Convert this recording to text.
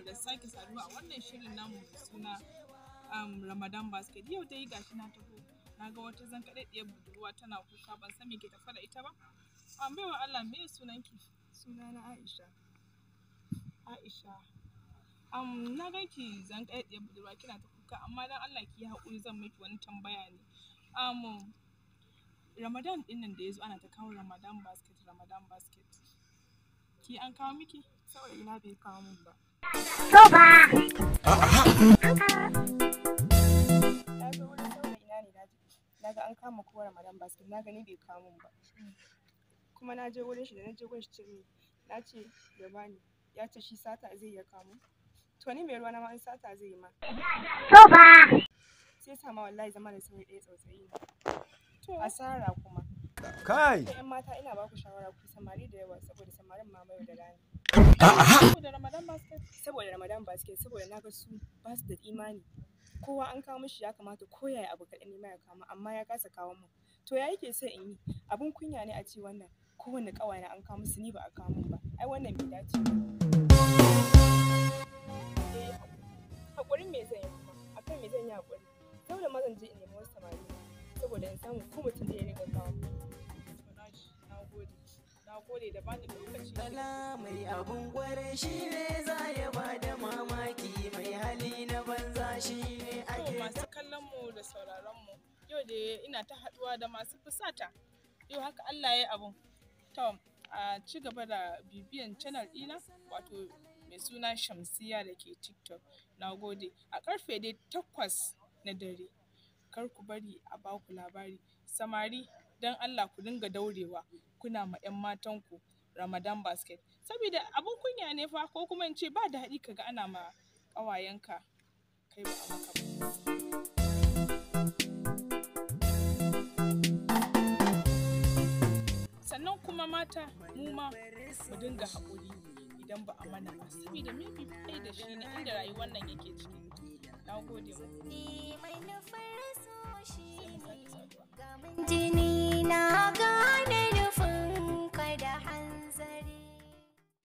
mu da sake saduwa a wannan shirin namu mai suna um, Ramadan Basket. Yau dai gashi na taho na ga wata ɗaya budurwa tana kuka ban san me ke tafa da ita ba. An um, baiwa Allah me Suna Sunana Aisha. Aisha. Um, na ganki ɗaya budurwa kina ta kuka amma dan Allah ki yi haƙuri zan miki wani tambaya ne. Um, Ramadan ɗin nan da ya zo ana ta kawo Ramadan basket Ramadan basket. Ki an kawo miki? Saboda ina bai kawo min ba. To ba. ina an kama kowar madam basket bai kawo min ba. Kuma na je wurin shi da na je wurin shi na ce ya bani ya ce shi sata zai ya kawo To ni mai ruwa na ma in sata zai yi ma. To ba. Sai sama wallahi zama da sauri ɗaya tsautsayi. asara kuma. kai yan mata ina ba ku shawara ku samari da yawa saboda samarin ma mai da rani saboda ramadan basket saboda ramadan basket saboda na ga su ba su da imani kowa an kawo mishi ya kamata ko yaya abu kaɗan ne ya kama amma ya kasa kawo mu to ya yake son in yi abun kunya ne a ce wannan kowane ƙawaye an kawo musu ni ba a kawo mun ba ai wannan bai dace ba eh, haƙurin me zan yi akan me zan yi haƙuri dole ma je in nemi wasu samari saboda in samu ko mutum da ya riga kawo na gode da bani lokaci kala mai abun kwarai shi ne za ya ba da mamaki mai hali na banza shi ne ake masu kallon mu da sauraron mu yau da ina ta haɗuwa da masu fusata yau haka Allah ya abun to a ci gaba da bibiyan channel ɗina? wato mai suna shamsiya da ke tiktok na gode a karfe dai takwas na dare kar ku bari a baku labari. Samari don Allah ku dinga daurewa kuna ma 'yan matan ku Ramadan basket. saboda abin kunya ne fa ko kuma in ce ba daɗi ka ga ana ma ƙawayenka kai ba a maka ba. Sannan kuma mata mu ma mu dinga haƙuri idan ba a mana ba sabida maybe bai da shi ne inda rayuwar nan yake ciki. Na gode ba.